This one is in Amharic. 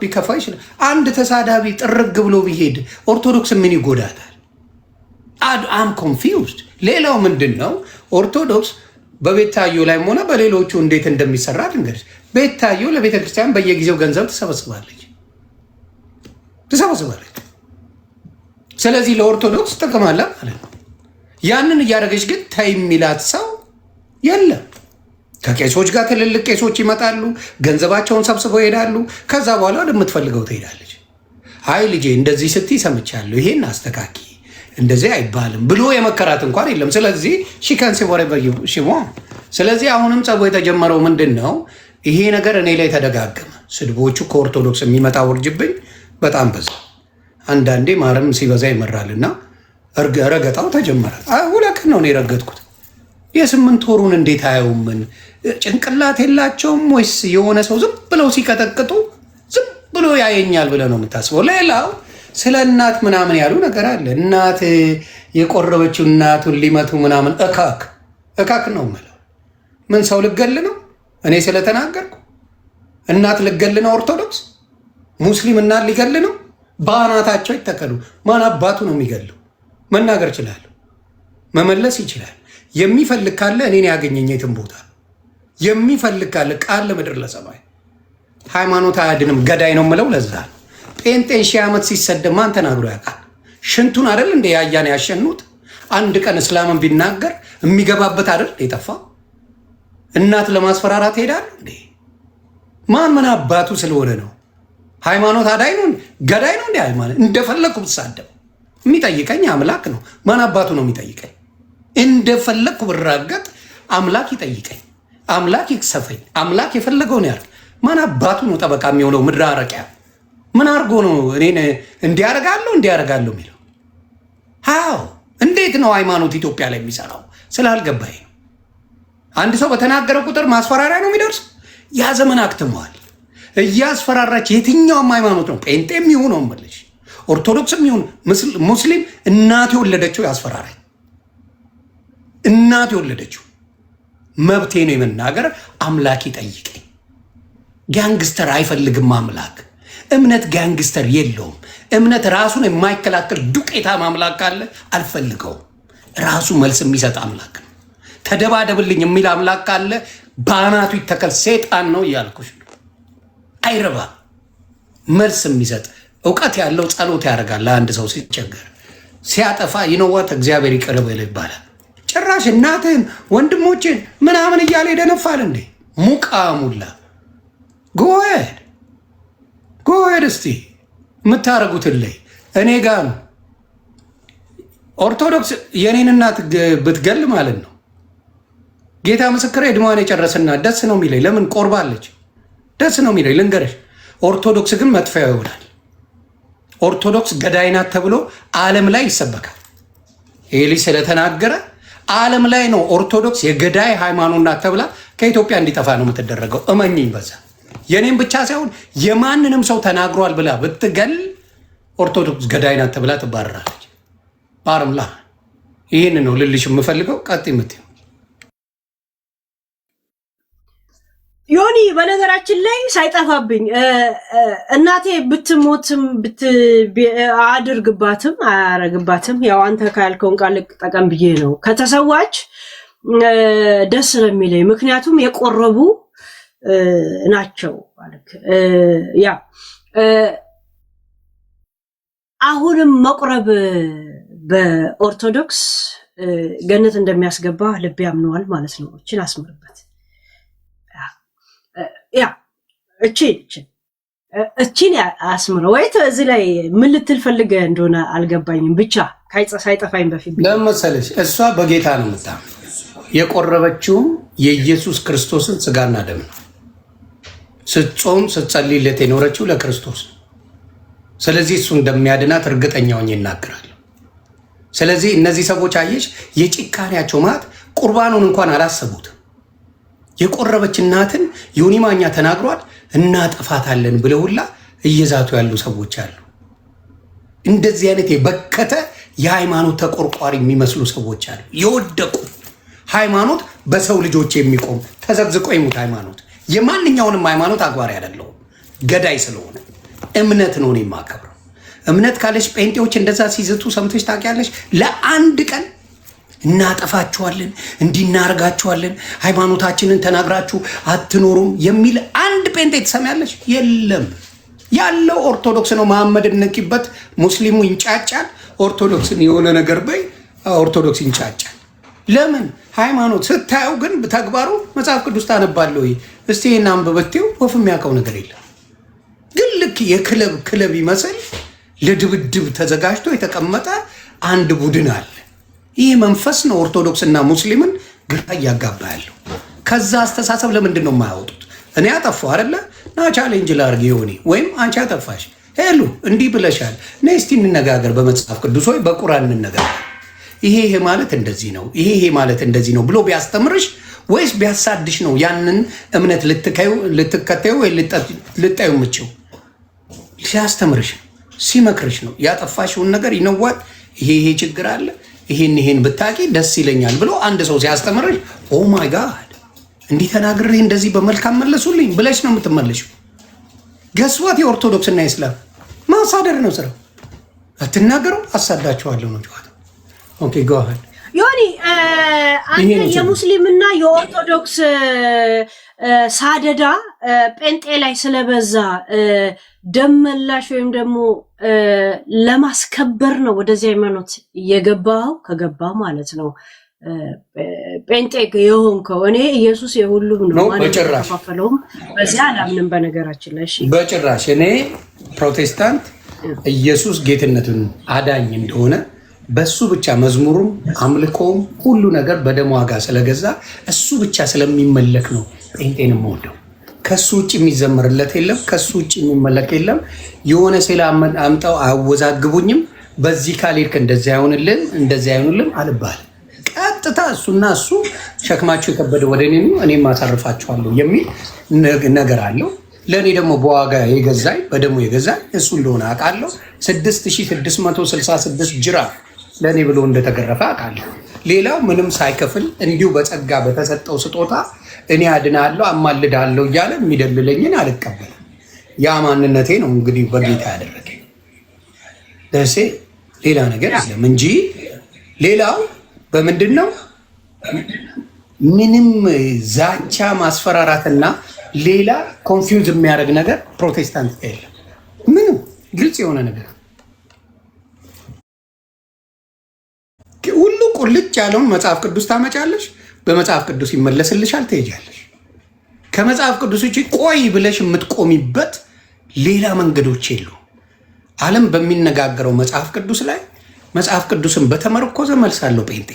ቢከፋ ይችላል። አንድ ተሳዳቢ ጥርግ ብሎ ቢሄድ ኦርቶዶክስ ምን ይጎዳታል? አም ኮንፊውዝድ። ሌላው ምንድን ነው ኦርቶዶክስ በቤታዮ ላይም ሆነ በሌሎቹ እንዴት እንደሚሰራ ድንገት ቤታዮ ለቤተ ክርስቲያን በየጊዜው ገንዘብ ትሰበስባለች ትሰበስባለች። ስለዚህ ለኦርቶዶክስ ትጠቅማለህ ማለት ነው። ያንን እያደረገች ግን ተይ የሚላት ሰው የለም። ከቄሶች ጋር ትልልቅ ቄሶች ይመጣሉ፣ ገንዘባቸውን ሰብስበው ይሄዳሉ። ከዛ በኋላ ወደምትፈልገው ትሄዳለች። አይ ልጄ እንደዚህ ስትይ ሰምቻለሁ፣ ይሄን አስተካኪ፣ እንደዚህ አይባልም ብሎ የመከራት እንኳን የለም። ስለዚህ ሺከንሴ ወረበሽሞ ስለዚህ አሁንም ጸቦ የተጀመረው ምንድን ነው? ይሄ ነገር እኔ ላይ ተደጋገመ። ስድቦቹ ከኦርቶዶክስ የሚመጣ ውርጅብኝ በጣም በዛ። አንዳንዴ ማረም ሲበዛ ይመራልና ረገጣው ተጀመረ። ሁለት ቀን ነው እኔ የረገጥኩት። የስምንት ወሩን እንዴት አየውምን? ጭንቅላት የላቸውም ወይስ የሆነ ሰው ዝም ብለው ሲቀጠቅጡ ዝም ብሎ ያየኛል ብለ ነው የምታስበው? ሌላው ስለ እናት ምናምን ያሉ ነገር አለ። እናት የቆረበችው እናቱን ሊመቱ ምናምን እካክ እካክ ነው የምለው። ምን ሰው ልገል ነው እኔ ስለተናገርኩ? እናት ልገል ነው? ኦርቶዶክስ ሙስሊም እናት ሊገል ነው? በአናታቸው ይተከሉ። ማን አባቱ ነው የሚገሉ? መናገር ይችላሉ፣ መመለስ ይችላል። የሚፈልግ ካለ እኔን ያገኘኝ የትም ቦታ የሚፈልግ ካለ ቃል ለምድር ለሰማይ። ሃይማኖት አያድንም፣ ገዳይ ነው የምለው ለዛ ጴንጤን ሺህ ዓመት ሲሰደ ማን ተናግሮ ያውቃል? ሽንቱን አደል እንደ ያያን ያሸኑት። አንድ ቀን እስላምን ቢናገር የሚገባበት አደል የጠፋ እናት ለማስፈራራት ሄዳል እንዴ? ማን ምን አባቱ ስለሆነ ነው? ሃይማኖት አዳይ ነው ገዳይ ነው እንደ ሃይማኖት እንደፈለግኩ ብሳደብ የሚጠይቀኝ አምላክ ነው። ማን አባቱ ነው የሚጠይቀኝ? እንደፈለግኩ ብራገጥ አምላክ ይጠይቀኝ፣ አምላክ ይክሰፈኝ፣ አምላክ የፈለገውን ያርግ። ማን አባቱ ነው ጠበቃ የሚሆነው? ምድር አረቂያ ምን አድርጎ ነው እኔን እንዲያረጋለሁ እንዲያረጋለሁ የሚለው? ሀው እንዴት ነው ሃይማኖት ኢትዮጵያ ላይ የሚሰራው ስላልገባኝ ነው። አንድ ሰው በተናገረ ቁጥር ማስፈራሪያ ነው የሚደርስ። ያ ዘመን አክትመዋል። እያስፈራራች የትኛውም ሃይማኖት ነው የሚሆነው ይሁን ኦርቶዶክስ የሚሆን ሙስሊም እናት የወለደችው ያስፈራራች እናት የወለደችው መብቴ ነው የመናገር። አምላክ ይጠይቀኝ። ጋንግስተር አይፈልግም አምላክ። እምነት ጋንግስተር የለውም። እምነት ራሱን የማይከላከል ዱቄታ አምላክ ካለ አልፈልገውም። ራሱ መልስ የሚሰጥ አምላክ ነው። ተደባደብልኝ የሚል አምላክ ካለ በአናቱ ይተከል። ሴጣን ነው እያልኩሽ ነው። አይረባ መልስ የሚሰጥ እውቀት ያለው ጸሎት ያደርጋል። ለአንድ ሰው ሲቸገር ሲያጠፋ ይነዋት እግዚአብሔር ይቅር ይባላል። ጭራሽ እናትህን ወንድሞችን ምናምን እያለ ይደነፋል እንዴ? ሙቃሙላ ጎሄድ ጎሄድ። እስቲ የምታደርጉትን ላይ እኔ ጋ ነው። ኦርቶዶክስ የኔን እናት ብትገል ማለት ነው። ጌታ ምስክር ዕድሜዋን የጨረስና ደስ ነው የሚለኝ። ለምን ቆርባለች? ደስ ነው የሚለኝ። ልንገረሽ፣ ኦርቶዶክስ ግን መጥፊያ ይሆናል። ኦርቶዶክስ ገዳይ ናት ተብሎ ዓለም ላይ ይሰበካል። ኤሊ ስለተናገረ ዓለም ላይ ነው ኦርቶዶክስ የገዳይ ሃይማኖት ናት ተብላ ከኢትዮጵያ እንዲጠፋ ነው የምትደረገው። እመኝኝ በዛ የኔም ብቻ ሳይሆን የማንንም ሰው ተናግሯል ብላ ብትገል ኦርቶዶክስ ገዳይ ናት ተብላ ትባረራለች። ባርምላ ይህን ነው ልልሽ የምፈልገው። ቀጥ ምት ዮኒ በነገራችን ላይ ሳይጠፋብኝ እናቴ ብትሞትም አድርግባትም አያረግባትም ያው አንተ ካልከውን ቃል ጠቀም ብዬ ነው። ከተሰዋች ደስ ነው የሚለኝ፣ ምክንያቱም የቆረቡ ናቸው። ያ አሁንም መቁረብ በኦርቶዶክስ ገነት እንደሚያስገባ ልቤ ያምነዋል ማለት ነው። እችን አስምርበት። ያ እቺ እቺን አስምረው ወይ እዚህ ላይ ምን ልትል ፈልገ እንደሆነ አልገባኝም። ብቻ ሳይጠፋኝ በፊት ለምን እሷ በጌታ ነው ምታ የቆረበችውም የኢየሱስ ክርስቶስን ስጋና ደም ነው። ስትጾም ስትጸልይለት የኖረችው ለክርስቶስ ነው። ስለዚህ እሱ እንደሚያድናት እርግጠኛ ሆኜ ይናገራል። ስለዚህ እነዚህ ሰዎች አየሽ የጭካኔያቸው ማለት ቁርባኑን እንኳን አላሰቡትም። የቆረበች እናትን ዮኒ ማኛ ተናግሯል። እናጠፋታለን ብለውላ እየዛቱ ያሉ ሰዎች አሉ። እንደዚህ አይነት የበከተ የሃይማኖት ተቆርቋሪ የሚመስሉ ሰዎች አሉ። የወደቁ ሃይማኖት በሰው ልጆች የሚቆም ተዘግዝቆ ይሙት ሃይማኖት የማንኛውንም ሃይማኖት አግባሪ አይደለሁም፣ ገዳይ ስለሆነ እምነት ነው የማከብረው። እምነት ካለች ጴንጤዎች እንደዛ ሲዝቱ ሰምተሽ ታውቂያለሽ? ለአንድ ቀን እናጠፋችኋለን፣ እንዲናርጋችኋለን፣ ሃይማኖታችንን ተናግራችሁ አትኖሩም የሚል አንድ ጴንጤ ትሰሚያለሽ? የለም። ያለው ኦርቶዶክስ ነው። መሐመድ ነቂበት። ሙስሊሙ ይንጫጫል። ኦርቶዶክስን የሆነ ነገር በይ፣ ኦርቶዶክስ ይንጫጫል። ለምን ሃይማኖት ስታየው ግን ተግባሩ መጽሐፍ ቅዱስ ታነባለሁ። እስቲ ይህን አንብበቴው ወፍ የሚያውቀው ነገር የለም። ግን ልክ የክለብ ክለብ ይመስል ለድብድብ ተዘጋጅቶ የተቀመጠ አንድ ቡድን አለ። ይህ መንፈስ ነው ኦርቶዶክስና ሙስሊምን ግራ እያጋባ ያለው። ከዛ አስተሳሰብ ለምንድን ነው የማያወጡት? እኔ አጠፋሁ አይደለ ና ቻሌንጅ ላድርግ ወይም አንቺ አጠፋሽ ሄሉ እንዲህ ብለሻል፣ እኔ እስቲ እንነጋገር፣ በመጽሐፍ ቅዱስ ወይ በቁራን እንነጋገር፣ ይሄ ይሄ ማለት እንደዚህ ነው፣ ይሄ ይሄ ማለት እንደዚህ ነው ብሎ ቢያስተምርሽ ወይስ ቢያሳድሽ ነው ያንን እምነት ልትከተዩ ወይ ልጣዩ ምችው? ሲያስተምርሽ ሲመክርሽ ነው ያጠፋሽውን ነገር ይነዋት ይሄ ይሄ ችግር አለ ይሄን ይሄን ብታቂ ደስ ይለኛል ብሎ አንድ ሰው ሲያስተምርሽ ኦ ማይ ጋድ እንዲህ ተናግሬ እንደዚህ በመልካም መለሱልኝ ብለሽ ነው የምትመለሽው። ገስዋት የኦርቶዶክስ እና የእስላም ማሳደር ነው ስራው። አትናገሩ፣ አሳዳችኋለሁ ነው ጨዋታ። ኦኬ ዮኒ አንተ የሙስሊምና የኦርቶዶክስ ሳደዳ ጴንጤ ላይ ስለበዛ ደመላሽ ወይም ደግሞ ለማስከበር ነው ወደዚህ ሃይማኖት የገባው ከገባ ማለት ነው። ጴንጤ የሆንከው እኔ ኢየሱስ የሁሉም ነው ተፋፈለውም በዚያ አላምንም። በነገራችን ላይ በጭራሽ እኔ ፕሮቴስታንት ኢየሱስ ጌትነቱን አዳኝ እንደሆነ በሱ ብቻ መዝሙሩም አምልኮውም ሁሉ ነገር በደም ዋጋ ስለገዛ እሱ ብቻ ስለሚመለክ ነው ጴንጤን የምወደው። ከሱ ውጭ የሚዘመርለት የለም፣ ከሱ ውጭ የሚመለክ የለም። የሆነ ሴላ አምጠው አያወዛግቡኝም። በዚህ ካልሄድክ እንደዚህ አይሆንልም፣ እንደዚህ አይሆንልም አልባል። ቀጥታ እሱና እሱ ሸክማቸው የከበደ ወደ እኔ ነው፣ እኔም አሳርፋችኋለሁ የሚል ነገር አለው። ለእኔ ደግሞ በዋጋ የገዛኝ በደሞ የገዛኝ እሱ እንደሆነ አውቃለሁ። 6666 ጅራ ለእኔ ብሎ እንደተገረፈ አውቃለሁ። ሌላው ምንም ሳይከፍል እንዲሁ በጸጋ በተሰጠው ስጦታ እኔ አድናለሁ አማልዳለሁ እያለ የሚደልለኝን አልቀበልም። ያ ማንነቴ ነው እንግዲህ በጌታ ያደረገኝ ደሴ ሌላ ነገር የለም እንጂ ሌላው በምንድን ነው ምንም ዛቻ ማስፈራራትና ሌላ ኮንፊውዝ የሚያደርግ ነገር ፕሮቴስታንት የለም። ምንም ግልጽ የሆነ ነገር ሁሉ ቁልጭ ያለውን መጽሐፍ ቅዱስ ታመጫለሽ፣ በመጽሐፍ ቅዱስ ይመለስልሻል፣ ትሄጃለሽ። ከመጽሐፍ ቅዱስ ውጭ ቆይ ብለሽ የምትቆሚበት ሌላ መንገዶች የሉ። ዓለም በሚነጋገረው መጽሐፍ ቅዱስ ላይ መጽሐፍ ቅዱስን በተመረኮዘ መልሳለሁ ጴንጤ